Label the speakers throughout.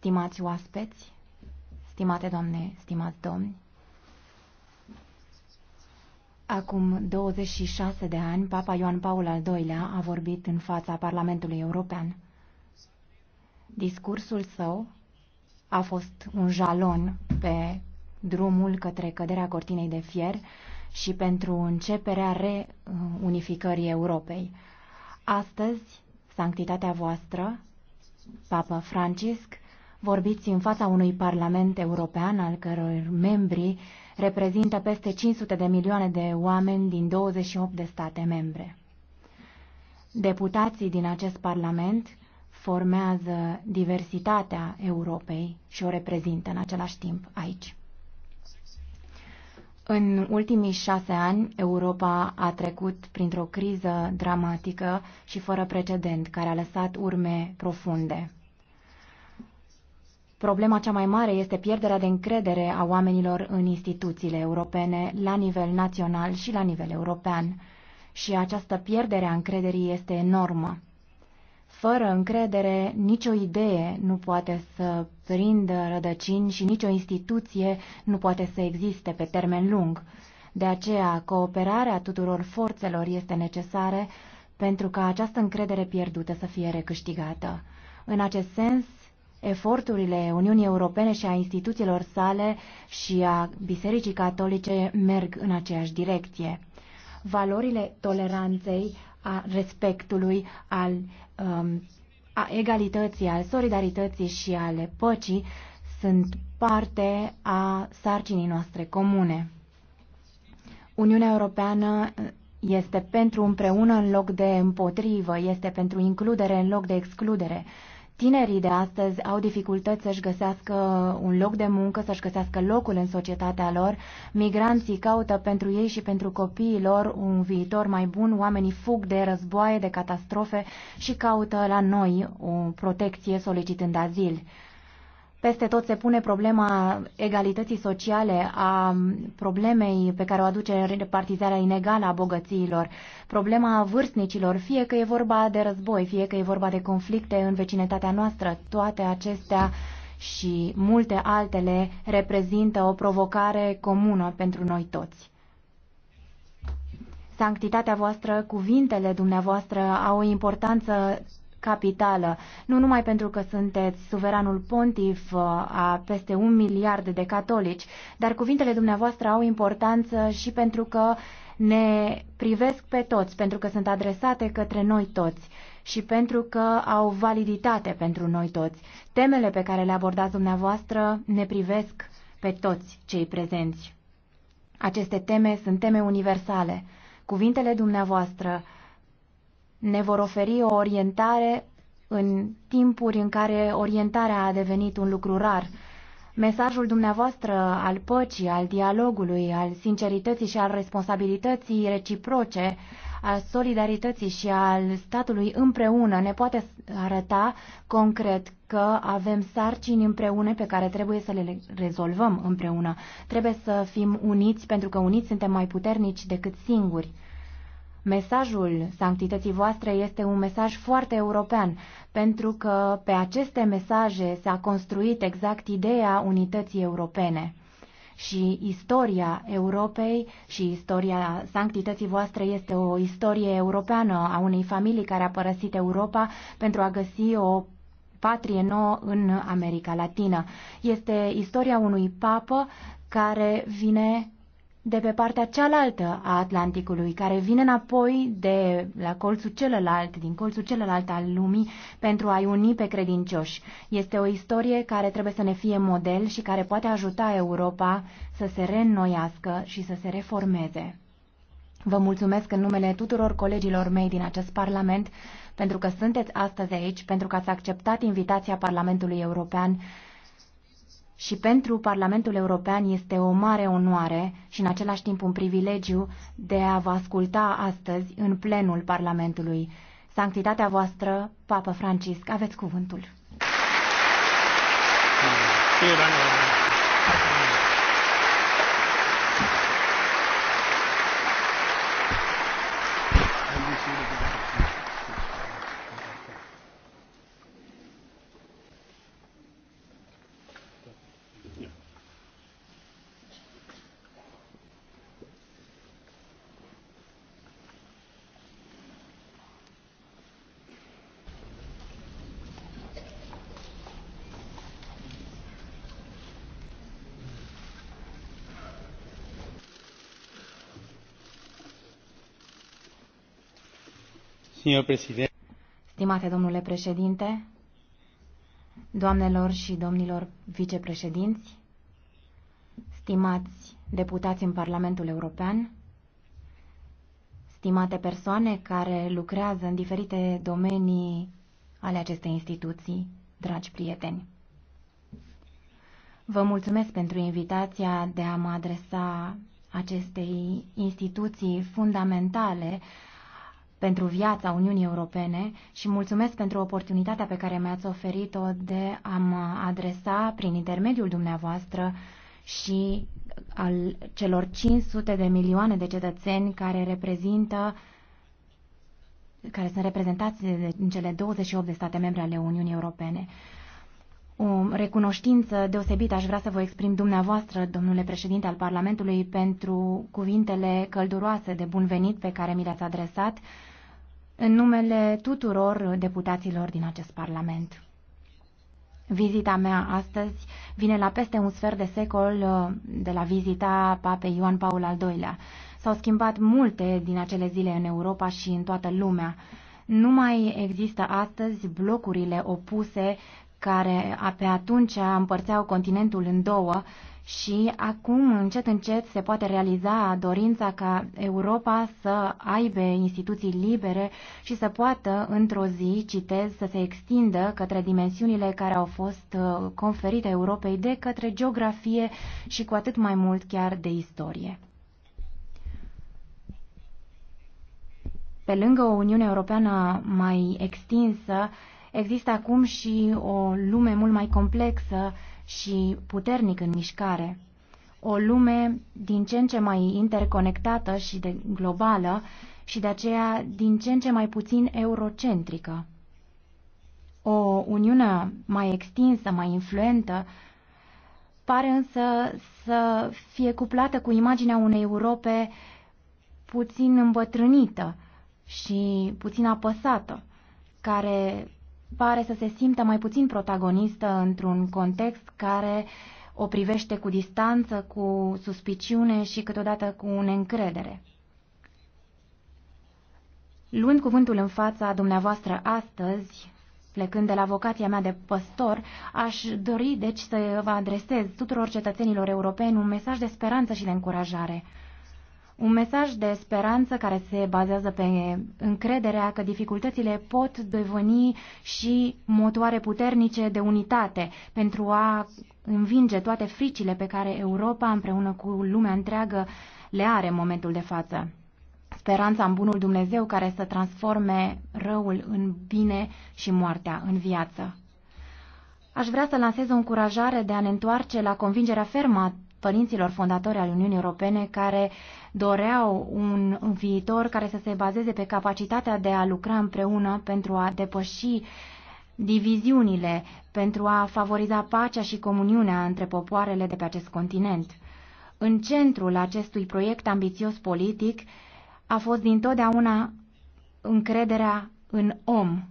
Speaker 1: Stimați oaspeți, stimate doamne, stimați domni, acum 26 de ani, Papa Ioan Paul al II-lea a vorbit în fața Parlamentului European. Discursul său a fost un jalon pe drumul către căderea cortinei de fier și pentru începerea reunificării Europei. Astăzi, sanctitatea voastră, Papa Francisc, vorbiți în fața unui Parlament European al căror membri reprezintă peste 500 de milioane de oameni din 28 de state membre. Deputații din acest Parlament formează diversitatea Europei și o reprezintă în același timp aici. În ultimii șase ani, Europa a trecut printr-o criză dramatică și fără precedent, care a lăsat urme profunde. Problema cea mai mare este pierderea de încredere a oamenilor în instituțiile europene la nivel național și la nivel european. Și această pierdere a încrederii este enormă. Fără încredere, nicio idee nu poate să prindă rădăcini și nicio instituție nu poate să existe pe termen lung. De aceea, cooperarea tuturor forțelor este necesară pentru ca această încredere pierdută să fie recâștigată. În acest sens, eforturile Uniunii Europene și a instituțiilor sale și a Bisericii Catolice merg în aceeași direcție. Valorile toleranței, a respectului, al, um, a egalității, al solidarității și ale păcii sunt parte a sarcinii noastre comune. Uniunea Europeană este pentru împreună în loc de împotrivă, este pentru includere în loc de excludere. Tinerii de astăzi au dificultăți să-și găsească un loc de muncă, să-și găsească locul în societatea lor. Migranții caută pentru ei și pentru copiii lor un viitor mai bun. Oamenii fug de războaie, de catastrofe și caută la noi o protecție solicitând azil. Peste tot se pune problema egalității sociale, a problemei pe care o aduce repartizarea inegală a bogățiilor, problema vârstnicilor, fie că e vorba de război, fie că e vorba de conflicte în vecinătatea noastră, toate acestea și multe altele reprezintă o provocare comună pentru noi toți. Sanctitatea voastră, cuvintele dumneavoastră au o importanță capitală, nu numai pentru că sunteți suveranul pontif uh, a peste un miliard de catolici, dar cuvintele dumneavoastră au importanță și pentru că ne privesc pe toți, pentru că sunt adresate către noi toți și pentru că au validitate pentru noi toți. Temele pe care le abordați dumneavoastră ne privesc pe toți cei prezenți. Aceste teme sunt teme universale. Cuvintele dumneavoastră ne vor oferi o orientare în timpuri în care orientarea a devenit un lucru rar. Mesajul dumneavoastră al păcii, al dialogului, al sincerității și al responsabilității reciproce, al solidarității și al statului împreună ne poate arăta concret că avem sarcini împreună pe care trebuie să le rezolvăm împreună. Trebuie să fim uniți pentru că uniți suntem mai puternici decât singuri. Mesajul sanctității voastre este un mesaj foarte european, pentru că pe aceste mesaje s-a construit exact ideea unității europene. Și istoria Europei și istoria sanctității voastre este o istorie europeană a unei familii care a părăsit Europa pentru a găsi o patrie nouă în America Latină. Este istoria unui papă care vine de pe partea cealaltă a Atlanticului, care vine înapoi de la colțul celălalt, din colțul celălalt al lumii, pentru a-i uni pe credincioși. Este o istorie care trebuie să ne fie model și care poate ajuta Europa să se reînnoiască și să se reformeze. Vă mulțumesc în numele tuturor colegilor mei din acest Parlament pentru că sunteți astăzi aici, pentru că ați acceptat invitația Parlamentului European și pentru Parlamentul European este o mare onoare și în același timp un privilegiu de a vă asculta astăzi în plenul Parlamentului. Sanctitatea voastră, Papa Francisc, aveți cuvântul. Mulțumesc. Stimate domnule președinte, doamnelor și domnilor vicepreședinți, stimați deputați în Parlamentul European, stimate persoane care lucrează în diferite domenii ale acestei instituții, dragi prieteni. Vă mulțumesc pentru invitația de a mă adresa acestei instituții fundamentale pentru viața Uniunii Europene și mulțumesc pentru oportunitatea pe care mi-ați oferit-o de a mă adresa prin intermediul dumneavoastră și al celor 500 de milioane de cetățeni care reprezintă care sunt reprezentați în cele 28 de state membre ale Uniunii Europene. O recunoștință deosebită aș vrea să vă exprim dumneavoastră, domnule președinte al Parlamentului, pentru cuvintele călduroase de bun venit pe care mi le-ați adresat în numele tuturor deputaților din acest Parlament. Vizita mea astăzi vine la peste un sfert de secol uh, de la vizita papei Ioan Paul al II-lea. S-au schimbat multe din acele zile în Europa și în toată lumea. Nu mai există astăzi blocurile opuse care pe atunci împărțeau continentul în două și acum, încet, încet, se poate realiza dorința ca Europa să aibă instituții libere și să poată, într-o zi, citez, să se extindă către dimensiunile care au fost uh, conferite Europei de către geografie și cu atât mai mult chiar de istorie. Pe lângă o Uniune Europeană mai extinsă, există acum și o lume mult mai complexă și puternic în mișcare. O lume din ce în ce mai interconectată și de globală și de aceea din ce în ce mai puțin eurocentrică. O uniune mai extinsă, mai influentă, pare însă să fie cuplată cu imaginea unei Europe puțin îmbătrânită și puțin apăsată, care pare să se simtă mai puțin protagonistă într-un context care o privește cu distanță, cu suspiciune și câteodată cu neîncredere. Luând cuvântul în fața dumneavoastră astăzi, plecând de la vocația mea de păstor, aș dori deci să vă adresez tuturor cetățenilor europeni un mesaj de speranță și de încurajare – un mesaj de speranță care se bazează pe încrederea că dificultățile pot deveni și motoare puternice de unitate pentru a învinge toate fricile pe care Europa împreună cu lumea întreagă le are în momentul de față. Speranța în bunul Dumnezeu care să transforme răul în bine și moartea în viață. Aș vrea să lansez o încurajare de a ne întoarce la convingerea fermă părinților fondatori al Uniunii Europene care doreau un, viitor care să se bazeze pe capacitatea de a lucra împreună pentru a depăși diviziunile, pentru a favoriza pacea și comuniunea între popoarele de pe acest continent. În centrul acestui proiect ambițios politic a fost dintotdeauna încrederea în om.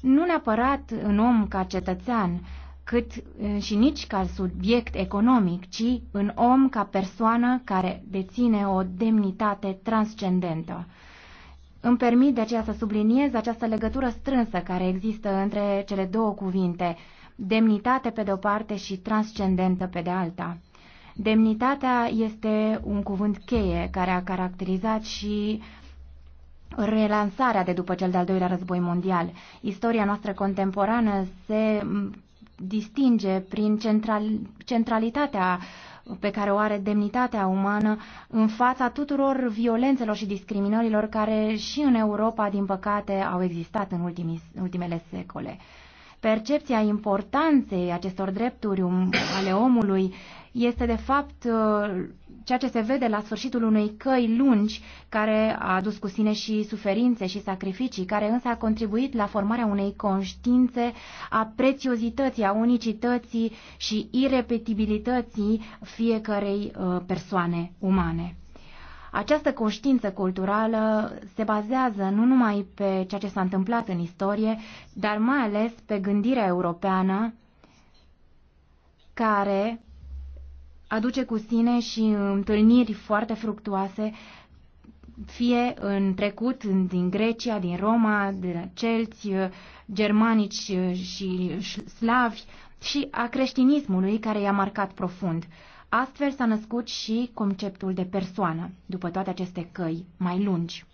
Speaker 1: Nu neapărat în om ca cetățean, cât și nici ca subiect economic, ci în om ca persoană care deține o demnitate transcendentă. Îmi permit de aceea să subliniez această legătură strânsă care există între cele două cuvinte, demnitate pe de o parte și transcendentă pe de alta. Demnitatea este un cuvânt cheie care a caracterizat și relansarea de după cel de-al doilea război mondial. Istoria noastră contemporană se distinge prin central, centralitatea pe care o are demnitatea umană în fața tuturor violențelor și discriminărilor care și în Europa, din păcate, au existat în ultimii, ultimele secole. Percepția importanței acestor drepturi um, ale omului este, de fapt, uh, ceea ce se vede la sfârșitul unei căi lungi care a adus cu sine și suferințe și sacrificii, care însă a contribuit la formarea unei conștiințe a prețiozității, a unicității și irepetibilității fiecarei uh, persoane umane. Această conștiință culturală se bazează nu numai pe ceea ce s-a întâmplat în istorie, dar mai ales pe gândirea europeană care aduce cu sine și întâlniri foarte fructuoase, fie în trecut, din Grecia, din Roma, de la celți, uh, germanici uh, și slavi, și a creștinismului care i-a marcat profund. Astfel s-a născut și conceptul de persoană, după toate aceste căi mai lungi.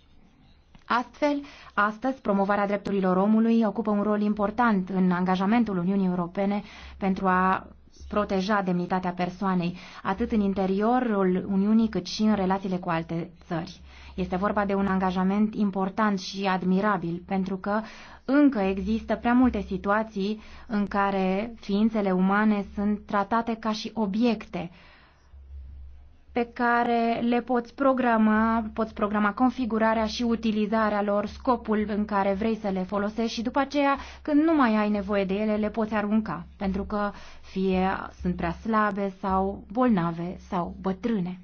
Speaker 1: Astfel, astăzi, promovarea drepturilor omului ocupă un rol important în angajamentul Uniunii Europene pentru a proteja demnitatea persoanei, atât în interiorul Uniunii, cât și în relațiile cu alte țări. Este vorba de un angajament important și admirabil, pentru că încă există prea multe situații în care ființele umane sunt tratate ca și obiecte pe care le poți programa, poți programa configurarea și utilizarea lor, scopul în care vrei să le folosești și după aceea, când nu mai ai nevoie de ele, le poți arunca, pentru că fie sunt prea slabe sau bolnave sau bătrâne.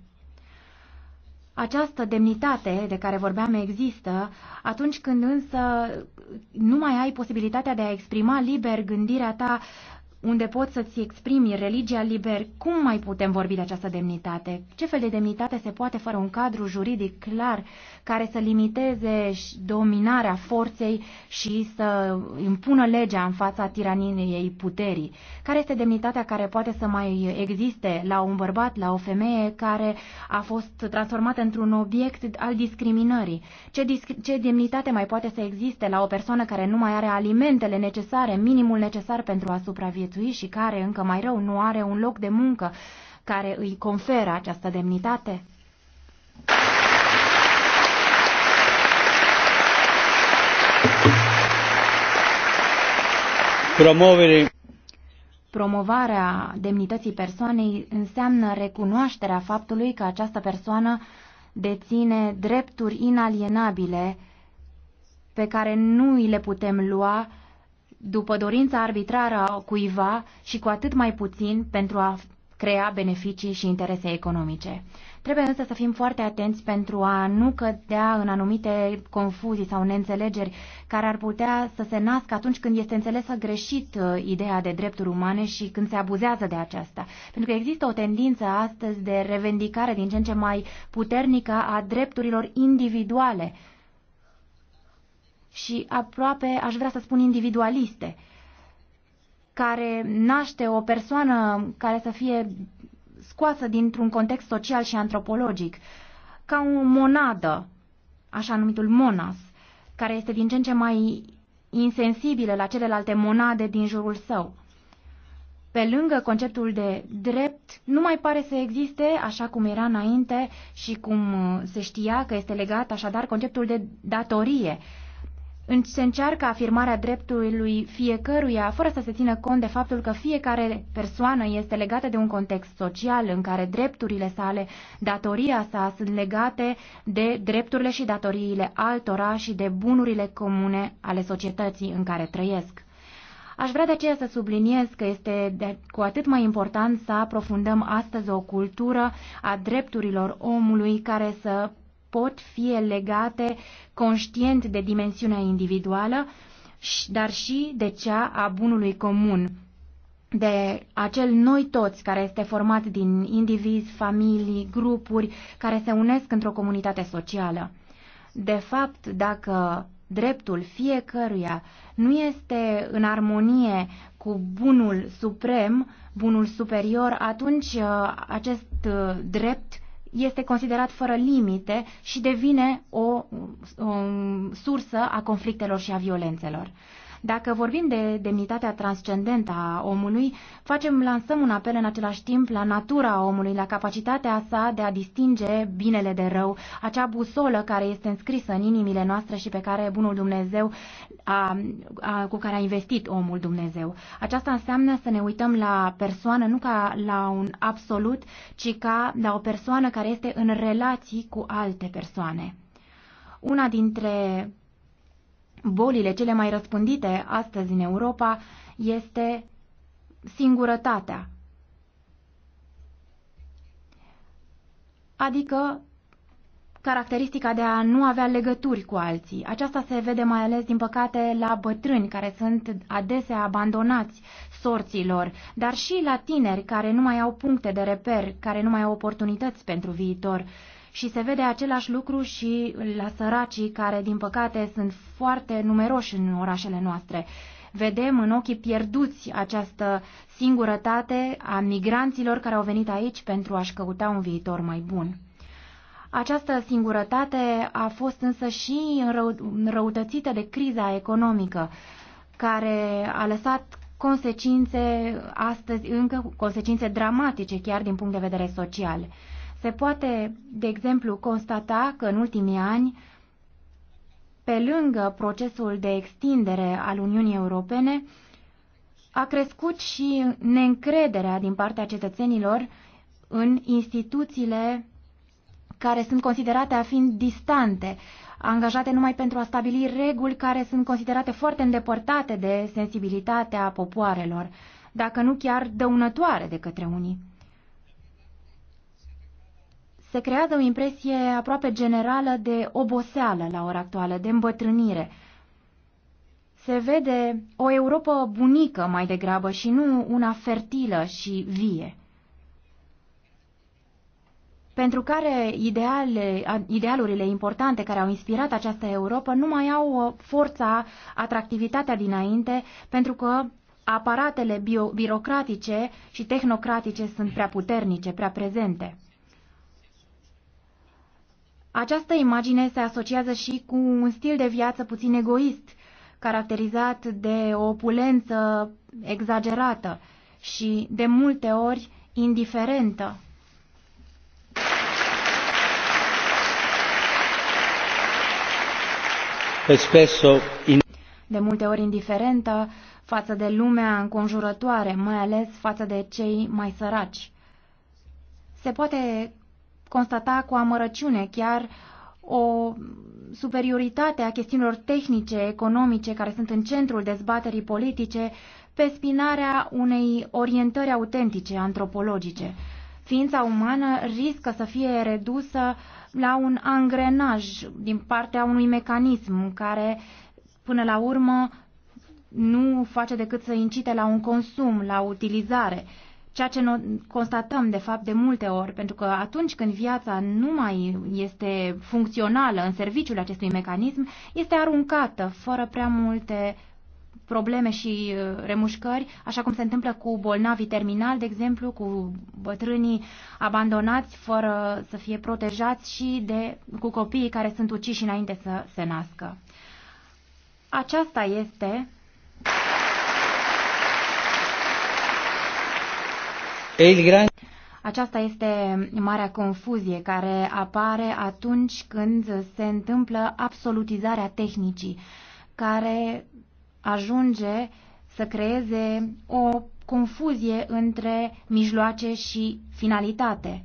Speaker 1: Această demnitate de care vorbeam există atunci când însă nu mai ai posibilitatea de a exprima liber gândirea ta unde poți să-ți exprimi religia liber, cum mai putem vorbi de această demnitate? Ce fel de demnitate se poate fără un cadru juridic clar care să limiteze dominarea forței și să impună legea în fața tiraniei puterii? Care este demnitatea care poate să mai existe la un bărbat, la o femeie care a fost transformată într-un obiect al discriminării? Ce, disc- ce demnitate mai poate să existe la o persoană care nu mai are alimentele necesare, minimul necesar pentru a supraviețui? supraviețui și care, încă mai rău, nu are un loc de muncă care îi conferă această demnitate? Promovere. Promovarea demnității persoanei înseamnă recunoașterea faptului că această persoană deține drepturi inalienabile pe care nu îi le putem lua după dorința arbitrară a cuiva și cu atât mai puțin pentru a crea beneficii și interese economice. Trebuie însă să fim foarte atenți pentru a nu cădea în anumite confuzii sau neînțelegeri care ar putea să se nască atunci când este înțelesă greșit uh, ideea de drepturi umane și când se abuzează de aceasta. Pentru că există o tendință astăzi de revendicare din ce în ce mai puternică a drepturilor individuale și aproape, aș vrea să spun, individualiste, care naște o persoană care să fie scoasă dintr-un context social și antropologic, ca o monadă, așa numitul monas, care este din ce în ce mai insensibilă la celelalte monade din jurul său. Pe lângă conceptul de drept, nu mai pare să existe, așa cum era înainte și cum uh, se știa că este legat așadar conceptul de datorie, se încearcă afirmarea dreptului fiecăruia, fără să se țină cont de faptul că fiecare persoană este legată de un context social în care drepturile sale, datoria sa sunt legate de drepturile și datoriile altora și de bunurile comune ale societății în care trăiesc. Aș vrea de aceea să subliniez că este de, cu atât mai important să aprofundăm astăzi o cultură a drepturilor omului care să pot fi legate conștient de dimensiunea individuală, dar și de cea a bunului comun, de acel noi toți care este format din indivizi, familii, grupuri care se unesc într-o comunitate socială. De fapt, dacă dreptul fiecăruia nu este în armonie cu bunul suprem, bunul superior, atunci uh, acest uh, drept este considerat fără limite și devine o, o um, sursă a conflictelor și a violențelor. Dacă vorbim de demnitatea transcendentă a omului, facem, lansăm un apel în același timp la natura omului, la capacitatea sa de a distinge binele de rău, acea busolă care este înscrisă în inimile noastre și pe care bunul Dumnezeu a, a, cu care a investit omul Dumnezeu. Aceasta înseamnă să ne uităm la persoană nu ca la un absolut, ci ca la o persoană care este în relații cu alte persoane. Una dintre bolile cele mai răspândite astăzi în Europa este singurătatea. Adică caracteristica de a nu avea legături cu alții. Aceasta se vede mai ales, din păcate, la bătrâni care sunt adesea abandonați sorților, dar și la tineri care nu mai au puncte de reper, care nu mai au oportunități pentru viitor. Și se vede același lucru și la săracii care, din păcate, sunt foarte numeroși în orașele noastre. Vedem în ochii pierduți această singurătate a migranților care au venit aici pentru a-și căuta un viitor mai bun. Această singurătate a fost însă și înrăutățită de criza economică, care a lăsat consecințe astăzi încă, consecințe dramatice chiar din punct de vedere social. Se poate, de exemplu, constata că în ultimii ani, pe lângă procesul de extindere al Uniunii Europene, a crescut și neîncrederea din partea cetățenilor în instituțiile care sunt considerate a fiind distante, angajate numai pentru a stabili reguli care sunt considerate foarte îndepărtate de sensibilitatea popoarelor, dacă nu chiar dăunătoare de către unii se creează o impresie aproape generală de oboseală la ora actuală, de îmbătrânire. Se vede o Europa bunică mai degrabă și nu una fertilă și vie, pentru care ideale, idealurile importante care au inspirat această Europa nu mai au forța, atractivitatea dinainte, pentru că aparatele bio, birocratice și tehnocratice sunt prea puternice, prea prezente. Această imagine se asociază și cu un stil de viață puțin egoist, caracterizat de o opulență exagerată și, de multe ori, indiferentă. De multe ori indiferentă față de lumea înconjurătoare, mai ales față de cei mai săraci. Se poate constata cu amărăciune chiar o superioritate a chestiunilor tehnice, economice, care sunt în centrul dezbaterii politice, pe spinarea unei orientări autentice, antropologice. Ființa umană riscă să fie redusă la un angrenaj din partea unui mecanism care, până la urmă, nu face decât să incite la un consum, la utilizare ceea ce noi constatăm de fapt de multe ori, pentru că atunci când viața nu mai este funcțională în serviciul acestui mecanism, este aruncată fără prea multe probleme și uh, remușcări, așa cum se întâmplă cu bolnavii terminali, de exemplu, cu bătrânii abandonați fără să fie protejați și de, cu copiii care sunt uciși înainte să se nască. Aceasta este Aceasta este marea confuzie care apare atunci când se întâmplă absolutizarea tehnicii, care ajunge să creeze o confuzie între mijloace și finalitate.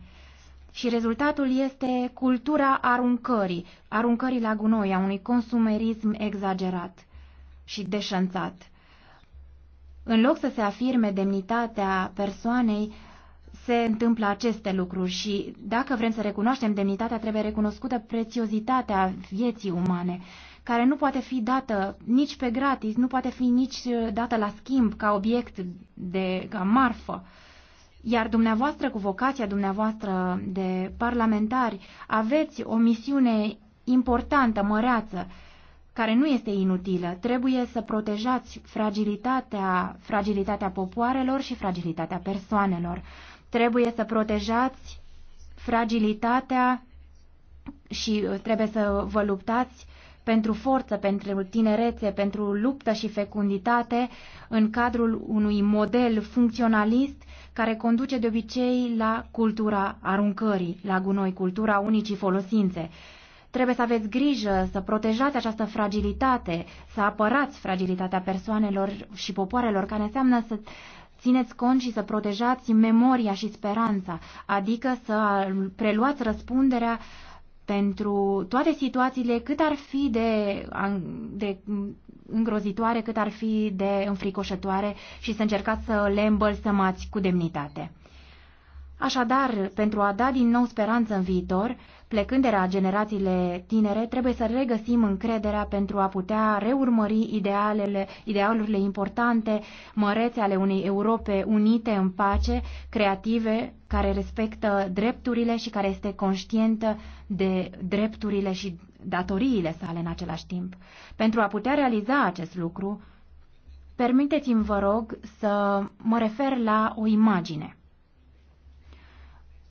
Speaker 1: Și rezultatul este cultura aruncării, aruncării la gunoi, a unui consumerism exagerat și deșanțat. În loc să se afirme demnitatea persoanei, se întâmplă aceste lucruri și dacă vrem să recunoaștem demnitatea, trebuie recunoscută prețiozitatea vieții umane, care nu poate fi dată nici pe gratis, nu poate fi nici uh, dată la schimb ca obiect de ca marfă. Iar dumneavoastră, cu vocația dumneavoastră de parlamentari, aveți o misiune importantă, măreață, care nu este inutilă. Trebuie să protejați fragilitatea, fragilitatea popoarelor și fragilitatea persoanelor. Trebuie să protejați fragilitatea și uh, trebuie să vă luptați pentru forță, pentru tinerețe, pentru luptă și fecunditate în cadrul unui model funcționalist care conduce de obicei la cultura aruncării, la gunoi, cultura unicii folosințe. Trebuie să aveți grijă să protejați această fragilitate, să apărați fragilitatea persoanelor și popoarelor, care înseamnă să Țineți cont și să protejați memoria și speranța, adică să preluați răspunderea pentru toate situațiile, cât ar fi de, de îngrozitoare, cât ar fi de înfricoșătoare și să încercați să le îmbălsămați cu demnitate. Așadar, pentru a da din nou speranță în viitor, Plecând de la generațiile tinere, trebuie să regăsim încrederea pentru a putea reurmări idealele, idealurile importante, mărețe ale unei Europe unite în pace, creative, care respectă drepturile și care este conștientă de drepturile și datoriile sale în același timp. Pentru a putea realiza acest lucru, permiteți-mi, vă rog, să mă refer la o imagine.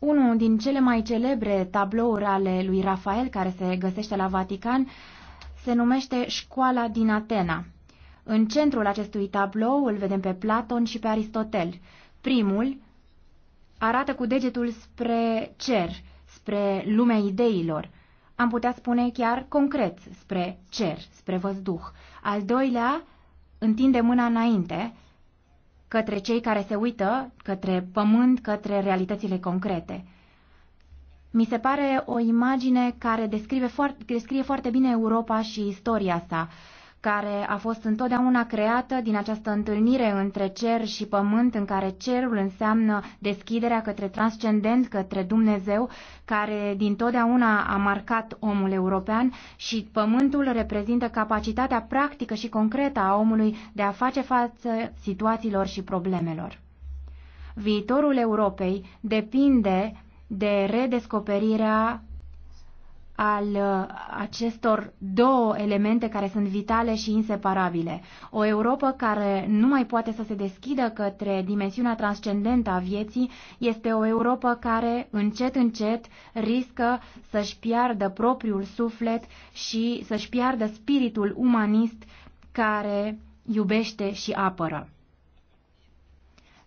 Speaker 1: Unul din cele mai celebre tablouri ale lui Rafael, care se găsește la Vatican, se numește Școala din Atena. În centrul acestui tablou îl vedem pe Platon și pe Aristotel. Primul arată cu degetul spre cer, spre lumea ideilor. Am putea spune chiar concret spre cer, spre văzduh. Al doilea întinde mâna înainte, către cei care se uită către pământ, către realitățile concrete. Mi se pare o imagine care descrie foarte, descrie foarte bine Europa și istoria sa care a fost întotdeauna creată din această întâlnire între cer și pământ, în care cerul înseamnă deschiderea către transcendent, către Dumnezeu, care din totdeauna a marcat omul european și pământul reprezintă capacitatea practică și concretă a omului de a face față situațiilor și problemelor. Viitorul Europei depinde de redescoperirea al uh, acestor două elemente care sunt vitale și inseparabile. O Europa care nu mai poate să se deschidă către dimensiunea transcendentă a vieții este o Europa care încet încet riscă să-și piardă propriul suflet și să-și piardă spiritul umanist care iubește și apără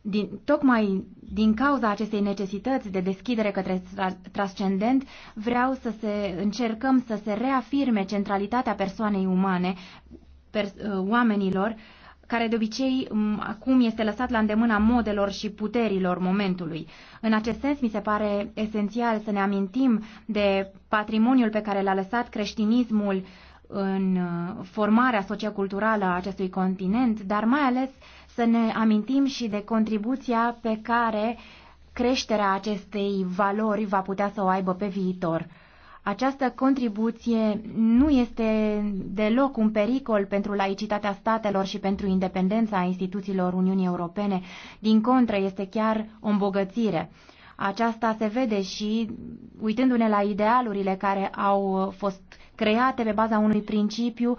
Speaker 1: din, tocmai din cauza acestei necesități de deschidere către transcendent, vreau să se, încercăm să se reafirme centralitatea persoanei umane, pers, uh, oamenilor, care de obicei acum este lăsat la îndemâna modelor și puterilor momentului. În acest sens, mi se pare esențial să ne amintim de patrimoniul pe care l-a lăsat creștinismul în uh, formarea socioculturală a acestui continent, dar mai ales uh, să ne amintim și de contribuția pe care creșterea acestei valori va putea să o aibă pe viitor. Această contribuție nu este deloc un pericol pentru laicitatea statelor și pentru independența instituțiilor Uniunii Europene. Din contră, este chiar o îmbogățire. Aceasta se vede și uitându-ne la idealurile care au fost create pe baza unui principiu uh,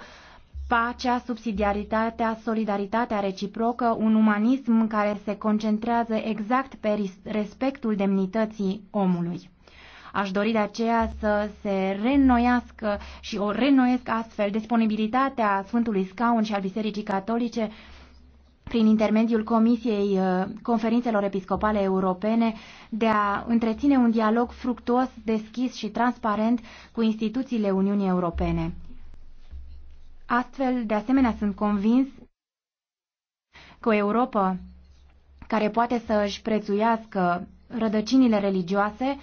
Speaker 1: pacea, subsidiaritatea, solidaritatea reciprocă, un umanism care se concentrează exact pe respectul demnității omului. Aș dori de aceea să se reînnoiască și o reînnoiesc astfel disponibilitatea Sfântului Scaun și al Bisericii Catolice prin intermediul Comisiei uh, Conferințelor Episcopale Europene de a întreține un dialog fructuos, deschis și transparent cu instituțiile Uniunii Europene. Astfel, de asemenea, sunt convins că o Europa care poate să își prețuiască rădăcinile religioase,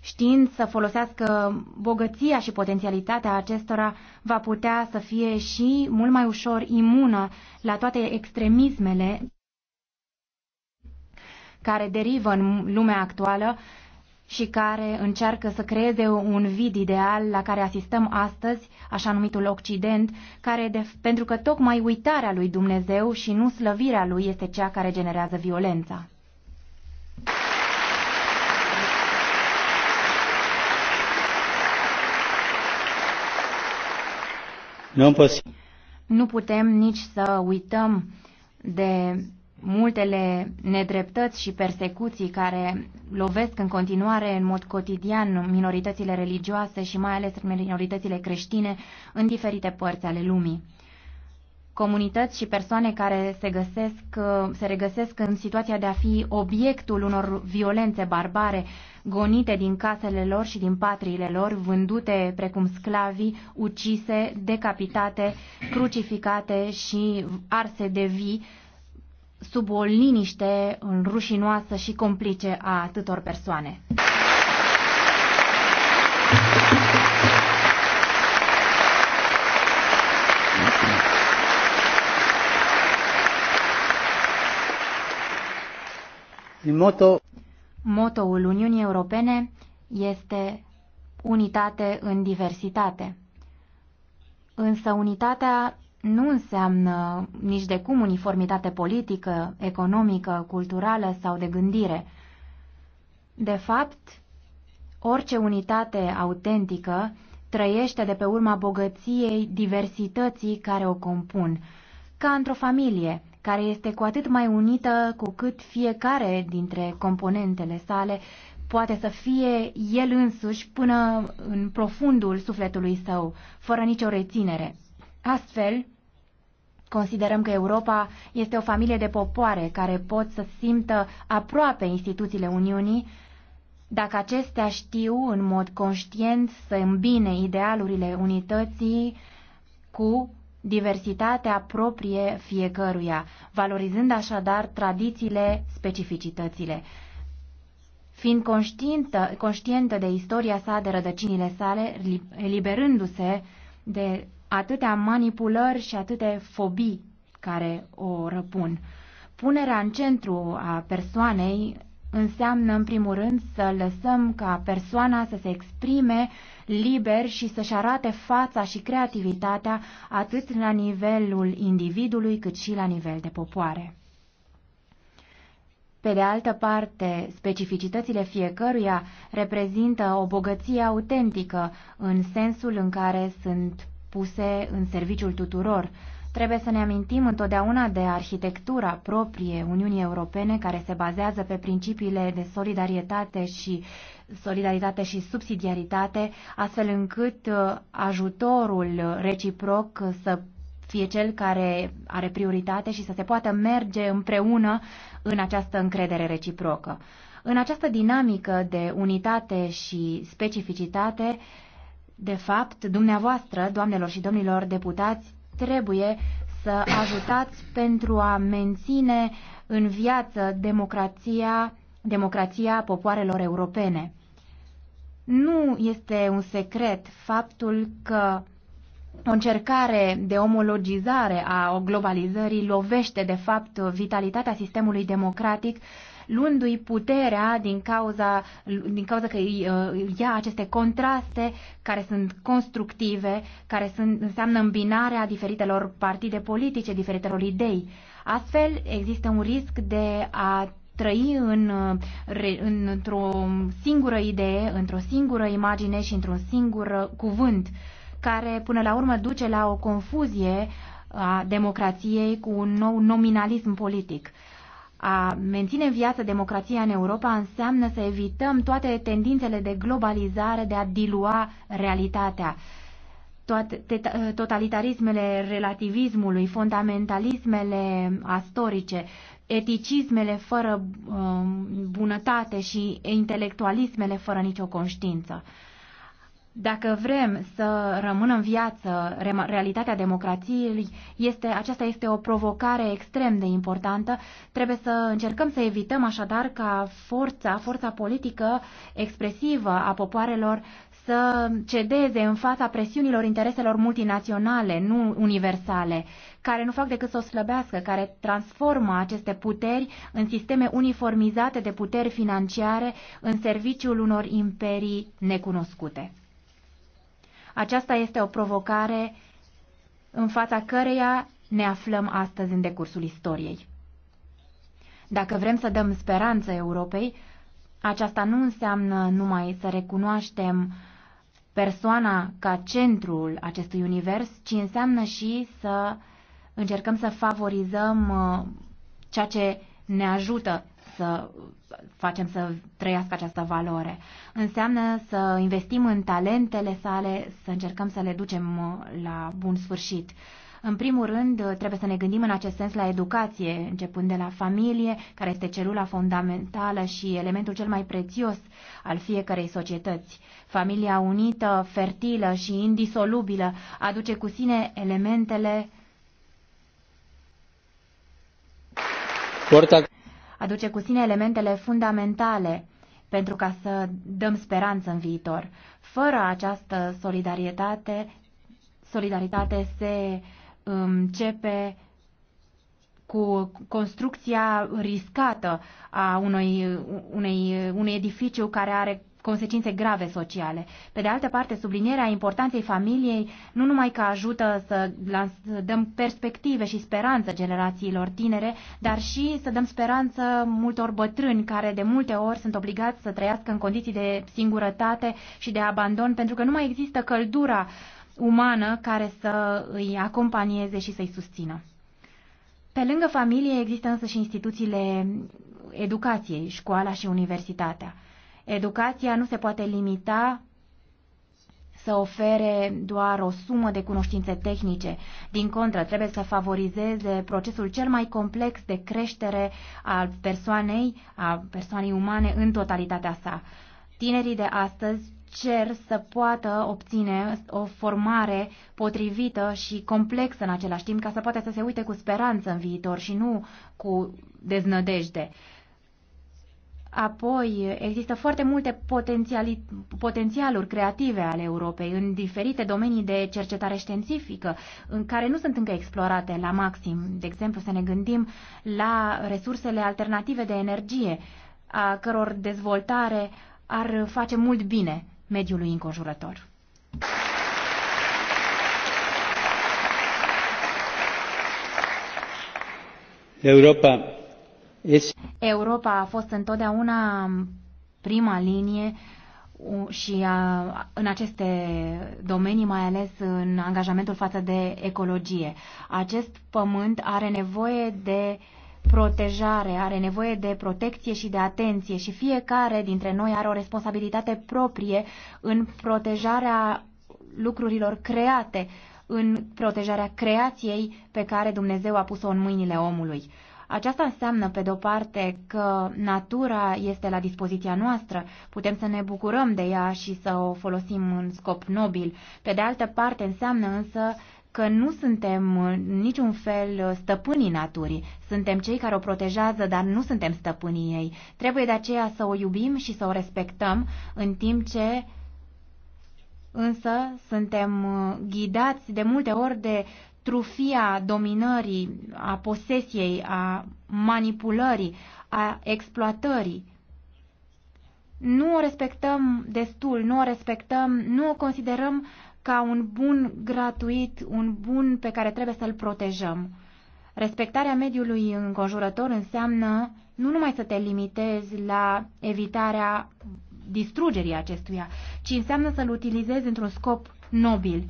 Speaker 1: știind să folosească bogăția și potențialitatea acestora, va putea să fie și mult mai ușor imună la toate extremismele care derivă în lumea actuală și care încearcă să creeze un vid ideal la care asistăm astăzi, așa numitul Occident, care de, pentru că tocmai uitarea lui Dumnezeu și nu slăvirea lui este cea care generează violența. Nu putem nici să uităm de multele nedreptăți și persecuții care lovesc în continuare în mod cotidian minoritățile religioase și mai ales minoritățile creștine în diferite părți ale lumii. Comunități și persoane care se, găsesc, se regăsesc în situația de a fi obiectul unor violențe barbare, gonite din casele lor și din patriile lor, vândute precum sclavii, ucise, decapitate, crucificate și arse de vii, sub o liniște rușinoasă și complice a atâtor persoane. Moto... Motoul Uniunii Europene este unitate în diversitate. Însă unitatea nu înseamnă nici de cum uniformitate politică, economică, culturală sau de gândire. De fapt, orice unitate autentică trăiește de pe urma bogăției diversității care o compun, ca într-o familie, care este cu atât mai unită cu cât fiecare dintre componentele sale poate să fie el însuși până în profundul sufletului său, fără nicio reținere. Astfel, Considerăm că Europa este o familie de popoare care pot să simtă aproape instituțiile Uniunii dacă acestea știu în mod conștient să îmbine idealurile unității cu diversitatea proprie fiecăruia, valorizând așadar tradițiile, specificitățile. Fiind conștientă, conștientă de istoria sa, de rădăcinile sale, eliberându-se de atâtea manipulări și atâtea fobii care o răpun. Punerea în centru a persoanei înseamnă, în primul rând, să lăsăm ca persoana să se exprime liber și să-și arate fața și creativitatea atât la nivelul individului cât și la nivel de popoare. Pe de altă parte, specificitățile fiecăruia reprezintă o bogăție autentică în sensul în care sunt puse în serviciul tuturor. Trebuie să ne amintim întotdeauna de arhitectura proprie Uniunii Europene, care se bazează pe principiile de solidaritate și solidaritate și subsidiaritate, astfel încât uh, ajutorul reciproc să fie cel care are prioritate și să se poată merge împreună în această încredere reciprocă. În această dinamică de unitate și specificitate, de fapt, dumneavoastră, doamnelor și domnilor deputați, trebuie să ajutați pentru a menține în viață democrația, democrația popoarelor europene. Nu este un secret faptul că o încercare de omologizare a globalizării lovește, de fapt, vitalitatea sistemului democratic luându-i puterea din cauza, din cauza că uh, ia aceste contraste care sunt constructive, care sunt, înseamnă îmbinarea diferitelor partide politice, diferitelor idei. Astfel, există un risc de a trăi în, uh, într-o singură idee, într-o singură imagine și într-un singur uh, cuvânt, care până la urmă duce la o confuzie a democrației cu un nou nominalism politic a menține în viață democrația în Europa înseamnă să evităm toate tendințele de globalizare, de a dilua realitatea. Toate totalitarismele relativismului, fundamentalismele astorice, eticismele fără um, bunătate și intelectualismele fără nicio conștiință. Dacă vrem să rămână în viață realitatea democrației, este, aceasta este o provocare extrem de importantă. Trebuie să încercăm să evităm așadar ca forța, forța politică expresivă a popoarelor să cedeze în fața presiunilor intereselor multinaționale, nu universale, care nu fac decât să o slăbească, care transformă aceste puteri în sisteme uniformizate de puteri financiare în serviciul unor imperii necunoscute. Aceasta este o provocare în fața căreia ne aflăm astăzi în decursul istoriei. Dacă vrem să dăm speranță Europei, aceasta nu înseamnă numai să recunoaștem persoana ca centrul acestui univers, ci înseamnă și să încercăm să favorizăm uh, ceea ce ne ajută să facem să trăiască această valoare. Înseamnă să investim în talentele sale, să încercăm să le ducem uh, la bun sfârșit. În primul rând, uh, trebuie să ne gândim în acest sens la educație, începând de la familie, care este celula fundamentală și elementul cel mai prețios al fiecarei societăți. Familia unită, fertilă și indisolubilă aduce cu sine elementele Porta aduce cu sine elementele fundamentale pentru ca să dăm speranță în viitor. Fără această solidaritate, solidaritate se începe cu construcția riscată a unui, unei, unui edificiu care are consecințe grave sociale. Pe de altă parte, sublinierea importanței familiei nu numai că ajută să dăm perspective și speranță generațiilor tinere, dar și să dăm speranță multor bătrâni care de multe ori sunt obligați să trăiască în condiții de singurătate și de abandon pentru că nu mai există căldura umană care să îi acompanieze și să-i susțină. Pe lângă familie există însă și instituțiile educației, școala și universitatea. Educația nu se poate limita să ofere doar o sumă de cunoștințe tehnice. Din contră, trebuie să favorizeze procesul cel mai complex de creștere al persoanei, a persoanei umane în totalitatea sa. Tinerii de astăzi cer să poată obține o formare potrivită și complexă în același timp, ca să poată să se uite cu speranță în viitor și nu cu deznădejde. Apoi, există foarte multe potențialuri creative ale Europei în diferite domenii de cercetare științifică, în care nu sunt încă explorate la maxim. De exemplu, să ne gândim la resursele alternative de energie, a căror dezvoltare ar face mult bine mediului înconjurător. Europa Europa a fost întotdeauna prima linie și a, uh, în aceste domenii, mai ales în angajamentul față de ecologie. Acest pământ are nevoie de protejare, are nevoie de protecție și de atenție și fiecare dintre noi are o responsabilitate proprie în protejarea lucrurilor create, în protejarea creației pe care Dumnezeu a pus-o în mâinile omului. Aceasta înseamnă, pe de-o parte, că natura este la dispoziția noastră, putem să ne bucurăm de ea și să o folosim în scop nobil. Pe de altă parte, înseamnă însă că nu suntem în niciun fel stăpânii naturii. Suntem cei care o protejează, dar nu suntem stăpânii ei. Trebuie de aceea să o iubim și să o respectăm, în timp ce însă suntem ghidați de multe ori de trufia dominării, a posesiei, a manipulării, a exploatării. Nu o respectăm destul, nu o respectăm, nu o considerăm ca un bun gratuit, un bun pe care trebuie să-l protejăm. Respectarea mediului înconjurător înseamnă nu numai să te limitezi la evitarea distrugerii acestuia, ci înseamnă să-l utilizezi într-un scop nobil.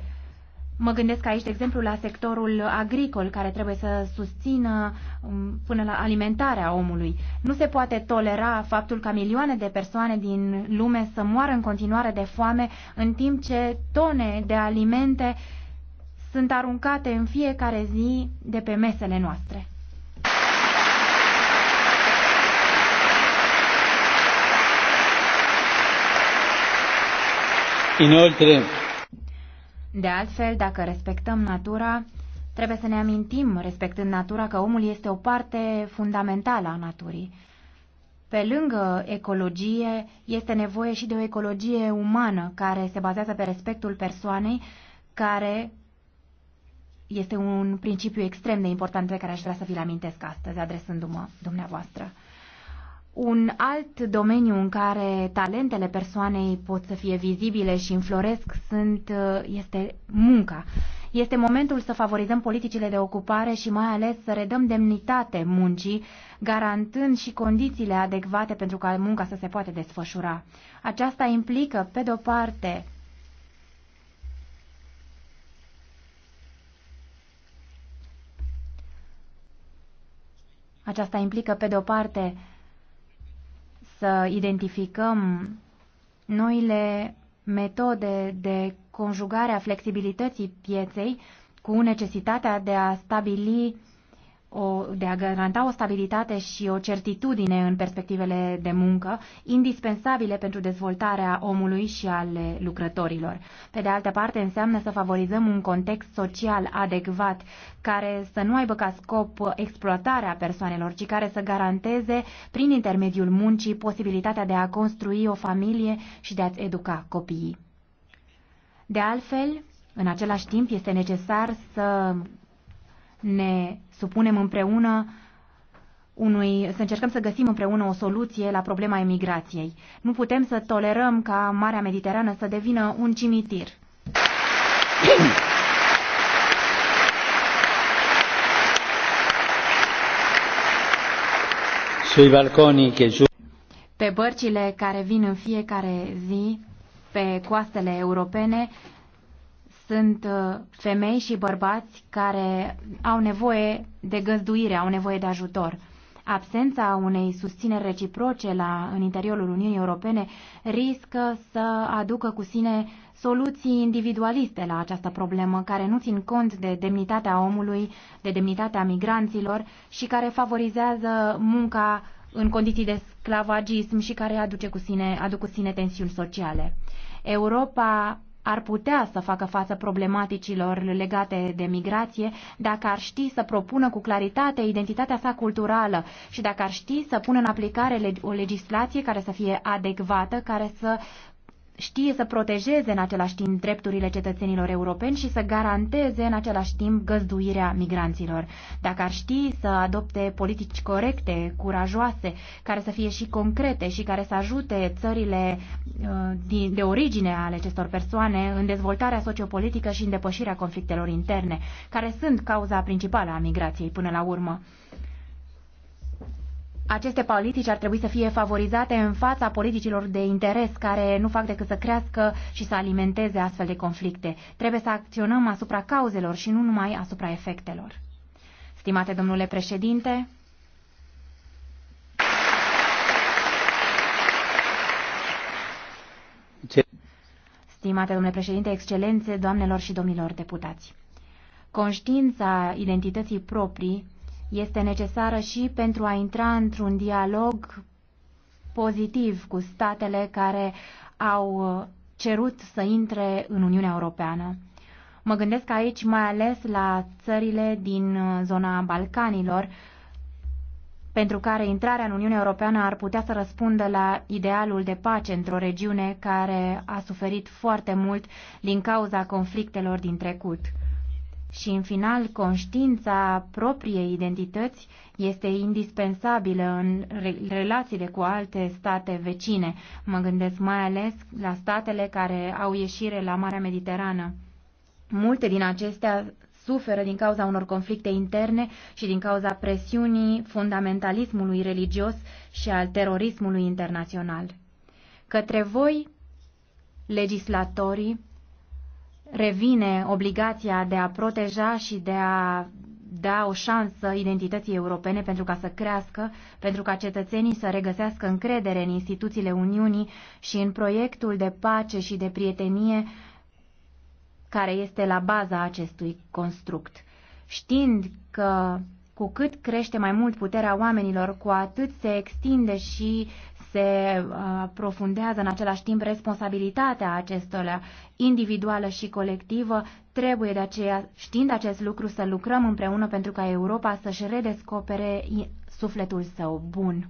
Speaker 1: Mă gândesc aici, de exemplu, la sectorul agricol, care trebuie să susțină um, până la alimentarea omului. Nu se poate tolera faptul ca milioane de persoane din lume să moară în continuare de foame, în timp ce tone de alimente sunt aruncate în fiecare zi de pe mesele noastre. Inoltre, de altfel, dacă respectăm natura, trebuie să ne amintim, respectând natura, că omul este o parte fundamentală a naturii. Pe lângă ecologie, este nevoie și de o ecologie umană care se bazează pe respectul persoanei, care este un principiu extrem de important pe care aș vrea să vi-l amintesc astăzi, adresându-mă dumneavoastră. Un alt domeniu în care talentele persoanei pot să fie vizibile și înfloresc sunt, uh, este munca. Este momentul să favorizăm politicile de ocupare și mai ales să redăm demnitate muncii, garantând și condițiile adecvate pentru ca munca să se poate desfășura. Aceasta implică, pe de-o parte, Aceasta implică, pe de-o parte, să identificăm noile metode de conjugare a flexibilității pieței cu necesitatea de a stabili o, de a garanta o stabilitate și o certitudine în perspectivele de muncă, indispensabile pentru dezvoltarea omului și ale lucrătorilor. Pe de altă parte, înseamnă să favorizăm un context social adecvat, care să nu aibă ca scop exploatarea persoanelor, ci care să garanteze, prin intermediul muncii, posibilitatea de a construi o familie și de a-ți educa copiii. De altfel, în același timp, este necesar să ne supunem împreună unui, să încercăm să găsim împreună o soluție la problema emigrației. Nu putem să tolerăm ca Marea Mediterană să devină un cimitir. balconi pe bărcile care vin în fiecare zi pe coastele europene, sunt uh, femei și bărbați care au nevoie de găzduire, au nevoie de ajutor. Absența unei susțineri reciproce la, în interiorul Uniunii Europene riscă să aducă cu sine soluții individualiste la această problemă, care nu țin cont de demnitatea omului, de demnitatea migranților și care favorizează munca în condiții de sclavagism și care aduce cu sine, aduc cu sine tensiuni sociale. Europa ar putea să facă față problematicilor legate de migrație dacă ar ști să propună cu claritate identitatea sa culturală și dacă ar ști să pună în aplicare o legislație care să fie adecvată, care să știe să protejeze în același timp drepturile cetățenilor europeni și să garanteze în același timp găzduirea migranților. Dacă ar ști să adopte politici corecte, curajoase, care să fie și concrete și care să ajute țările uh, de origine ale acestor persoane în dezvoltarea sociopolitică și în depășirea conflictelor interne, care sunt cauza principală a migrației până la urmă aceste politici ar trebui să fie favorizate în fața politicilor de interes care nu fac decât să crească și să alimenteze astfel de conflicte. Trebuie să acționăm asupra cauzelor și nu numai asupra efectelor. Stimate domnule președinte, Stimate domnule președinte, excelențe, doamnelor și domnilor deputați, conștiința identității proprii este necesară și pentru a intra într-un dialog pozitiv cu statele care au cerut să intre în Uniunea Europeană. Mă gândesc aici mai ales la țările din zona Balcanilor, pentru care intrarea în Uniunea Europeană ar putea să răspundă la idealul de pace într-o regiune care a suferit foarte mult din cauza conflictelor din trecut și, în final, conștiința propriei identități este indispensabilă în relațiile cu alte state vecine. Mă gândesc mai ales la statele care au ieșire la Marea Mediterană. Multe din acestea suferă din cauza unor conflicte interne și din cauza presiunii fundamentalismului religios și al terorismului internațional. Către voi, legislatorii, revine obligația de a proteja și de a da o șansă identității europene pentru ca să crească, pentru ca cetățenii să regăsească încredere în instituțiile Uniunii și în proiectul de pace și de prietenie care este la baza acestui construct. Știind că cu cât crește mai mult puterea oamenilor, cu atât se extinde și se uh, aprofundează în același timp responsabilitatea acestora individuală și colectivă, trebuie de aceea, știind acest lucru, să lucrăm împreună pentru ca Europa să-și redescopere sufletul său bun.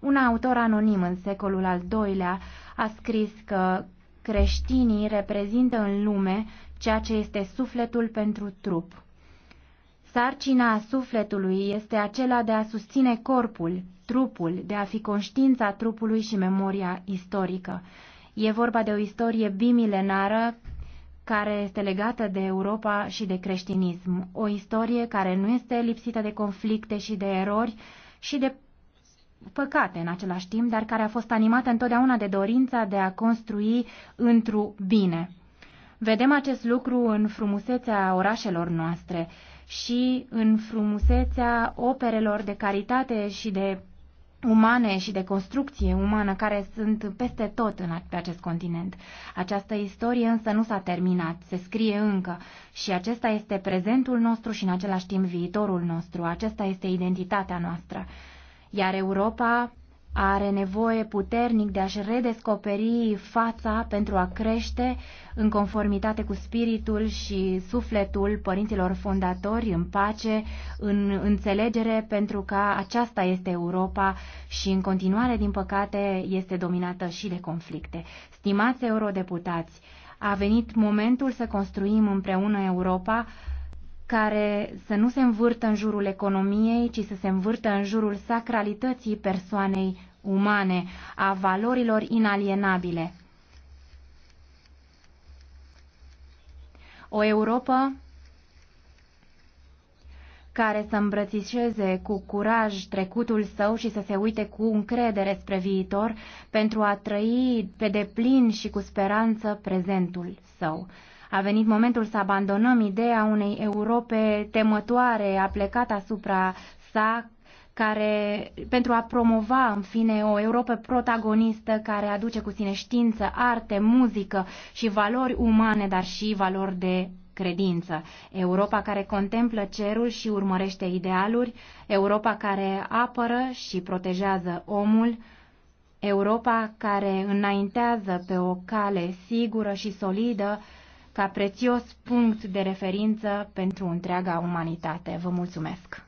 Speaker 1: Un autor anonim în secolul al doilea a scris că creștinii reprezintă în lume ceea ce este sufletul pentru trup. Sarcina a sufletului este acela de a susține corpul, trupul, de a fi conștiința trupului și memoria istorică. E vorba de o istorie bimilenară care este legată de Europa și de creștinism. O istorie care nu este lipsită de conflicte și de erori și de păcate în același timp, dar care a fost animată întotdeauna de dorința de a construi într o bine. Vedem acest lucru în frumusețea orașelor noastre și în frumusețea operelor de caritate și de umane și de construcție umană care sunt peste tot în, pe acest continent. Această istorie însă nu s-a terminat, se scrie încă și acesta este prezentul nostru și în același timp viitorul nostru, acesta este identitatea noastră. Iar Europa are nevoie puternic de a-și redescoperi fața pentru a crește în conformitate cu spiritul și sufletul părinților fondatori, în pace, în înțelegere, pentru că aceasta este Europa și în continuare, din păcate, este dominată și de conflicte. Stimați eurodeputați, a venit momentul să construim împreună Europa care să nu se învârtă în jurul economiei, ci să se învârtă în jurul sacralității persoanei umane, a valorilor inalienabile. O Europa care să îmbrățișeze cu curaj trecutul său și să se uite cu încredere spre viitor pentru a trăi pe deplin și cu speranță prezentul său. A venit momentul să abandonăm ideea unei Europe temătoare, a plecat asupra sa care, pentru a promova, în fine, o Europa protagonistă care aduce cu sine știință, arte, muzică și valori umane, dar și valori de credință. Europa care contemplă cerul și urmărește idealuri, Europa care apără și protejează omul, Europa care înaintează pe o cale sigură și solidă ca prețios punct de referință pentru întreaga umanitate. Vă mulțumesc!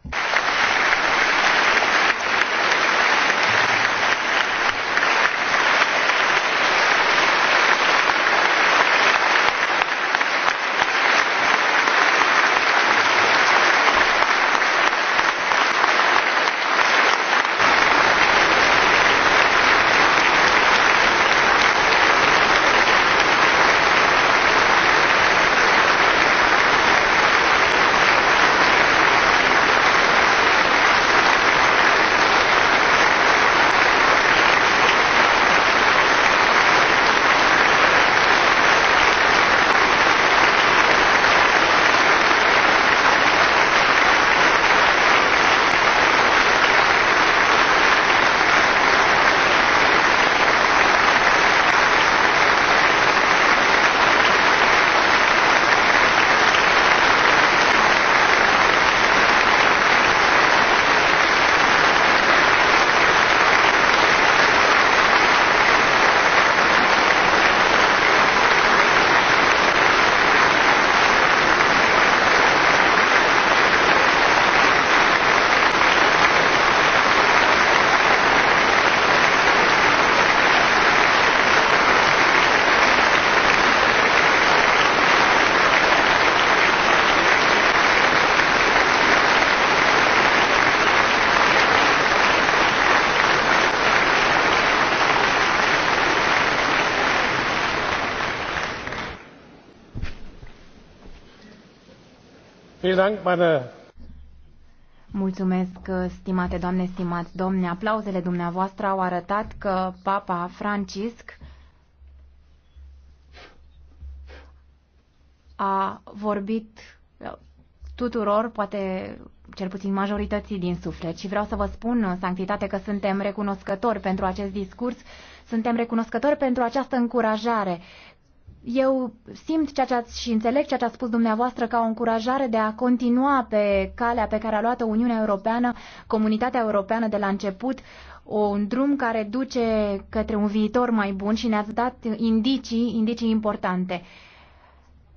Speaker 1: Mulțumesc, stimate doamne, stimați domne. Aplauzele dumneavoastră au arătat că Papa Francisc a vorbit uh, tuturor, poate cel puțin majorității din suflet. Și vreau să vă spun, uh, sanctitate, că suntem recunoscători pentru acest discurs, suntem recunoscători pentru această încurajare eu simt ceea ce ați și înțeleg ceea ce ați spus dumneavoastră ca o încurajare de a continua pe calea pe care a luat-o Uniunea Europeană, Comunitatea Europeană de la început, un drum care duce către un viitor mai bun și ne-ați dat indicii, indicii importante.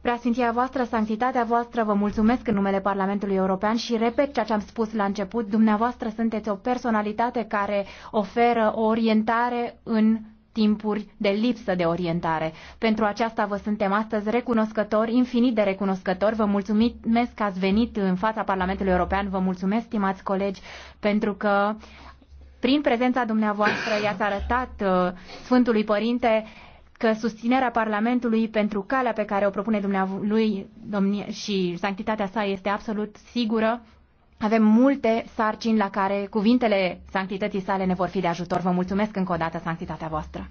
Speaker 1: Preasfinția voastră, sanctitatea voastră, vă mulțumesc în numele Parlamentului European și repet ceea ce am spus la început, dumneavoastră sunteți o personalitate care oferă o orientare în timpuri de lipsă de orientare. Pentru aceasta vă suntem astăzi recunoscători, infinit de recunoscători. Vă mulțumesc că ați venit în fața Parlamentului European. Vă mulțumesc, stimați colegi, pentru că prin prezența dumneavoastră i-ați arătat uh, Sfântului Părinte că susținerea Parlamentului pentru calea pe care o propune lui domnie, și sanctitatea sa este absolut sigură avem multe sarcini la care cuvintele sanctității sale ne vor fi de ajutor. Vă mulțumesc încă o dată, sanctitatea voastră.